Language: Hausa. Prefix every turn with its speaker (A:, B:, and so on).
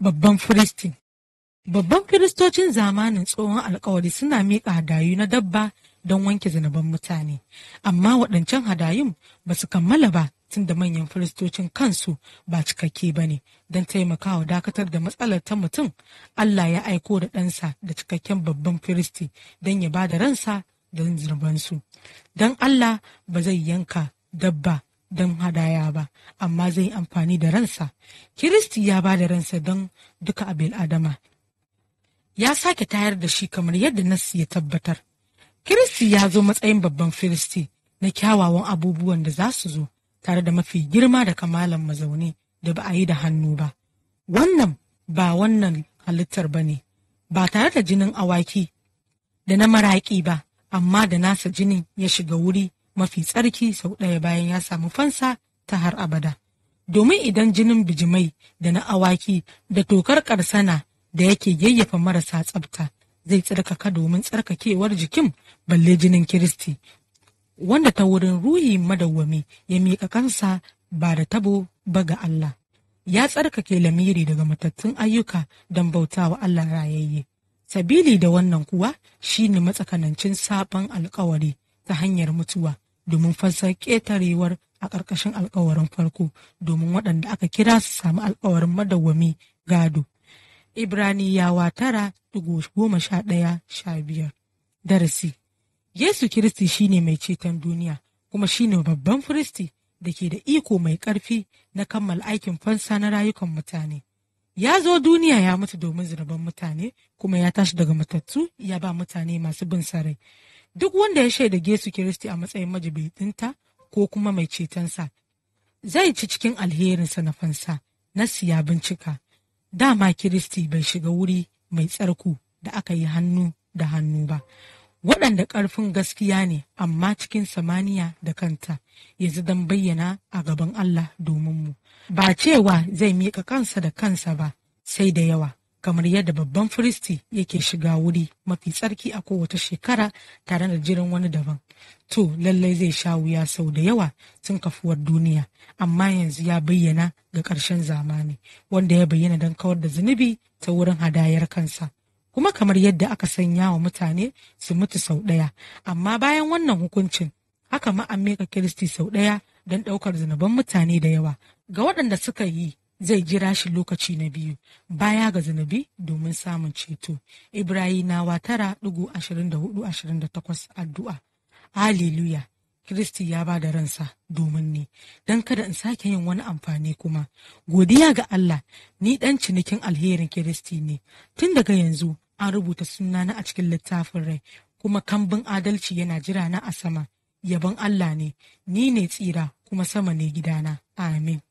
A: babban firisti Babban firistocin zamanin tsohon alkawari suna miƙa hadayu na dabba don wanke zanaban mutane, amma waɗancan hadayun ba su kammala ba tun da manyan firistocin kansu ba cikakke ba ne don taimakawa dakatar da matsalar ta mutum Allah ya aiko da ɗansa da cikakken babban firisti don ya ba da ransa don zunubansu. Don Allah ba zai yanka dabba don hadaya ba amma zai yi amfani da ransa kiristi ya ba da ransa don duka abil adama ya sake tayar da shi kamar yadda nassi ya tabbatar kiristi ya zo matsayin babban firisti na kyawawan abubuwan da za su zo tare da mafi girma da kamalan mazauni da ba a yi da hannu ba wannan ba wannan halittar ba ne ba tare da jinin awaki da na maraƙi ba amma da nasa jinin ya shiga wuri mafi tsarki sau ɗaya bayan ya samu fansa ta har abada. Domin idan jinin bijimai da na awaki da tokar karsana da yake yayyafa marasa tsabta zai tsarkaka domin tsarkakewar jikin balle jinin Kiristi, wanda ta wurin ruhi madawwami ya miƙa kansa ba da tabo ba ga Allah. Ya tsarkake lamiri daga matattun ayyuka don bautawa Allah rayayye. Sabili da wannan kuwa shine matsakanancin sabon alkawari. ta hanyar mutuwa domin fasa ƙetarewar a ƙarƙashin alkawarin farko domin waɗanda aka kira su samu alkawarin madawwami gado. Ibraniyawa tara digo goma sha ɗaya sha biyar. Darasi Yesu Kiristi shine mai ceton duniya kuma shine babban firisti da ke da iko mai ƙarfi na kammala aikin fansa na rayukan mutane. Ya zo duniya ya mutu domin zunuban mutane kuma ya tashi daga matattu ya ba mutane masu bin sarai. duk wanda ya shaida Yesu Kiristi a matsayin majibinta ko kuma mai cetonsa zai ci cikin alherinsa na fansa na siya bincika dama Kiristi bai shiga wuri mai tsarku da aka yi hannu da hannu ba waɗanda ƙarfin gaskiya ne amma cikin samaniya da kanta yanzu don bayyana a gaban Allah domin mu ba cewa zai miƙa kansa da kansa ba sai da yawa kamar yadda babban firisti yake shiga wuri mafi tsarki a kowace shekara tare da jiran wani daban to lallai zai sha wuya sau da yawa tun kafuwar duniya amma yanzu ya bayyana ga ƙarshen zamani wanda ya bayyana don kawar da zunubi ta wurin hadayar kansa kuma kamar yadda aka sanya wa mutane su mutu sau ɗaya amma bayan wannan hukuncin haka ma an kiristi sau ɗaya don ɗaukar zunuban mutane da yawa ga waɗanda suka yi zai jira shi lokaci na biyu baya ga zunubi domin samun ceto ibrahimawa tara 28 ashirin da addu'a haleluya Kiristi ya ba da ransa domin ni, don kada in sake yin wani amfani kuma. Godiya ga Allah, ni dan cinikin alherin Kristi ne. Tun daga yanzu an rubuta sunana a cikin littafin rai, kuma kambin adalci yana jira na a sama. Yabon Allah ne, ni ne tsira kuma sama ne gidana. Amin.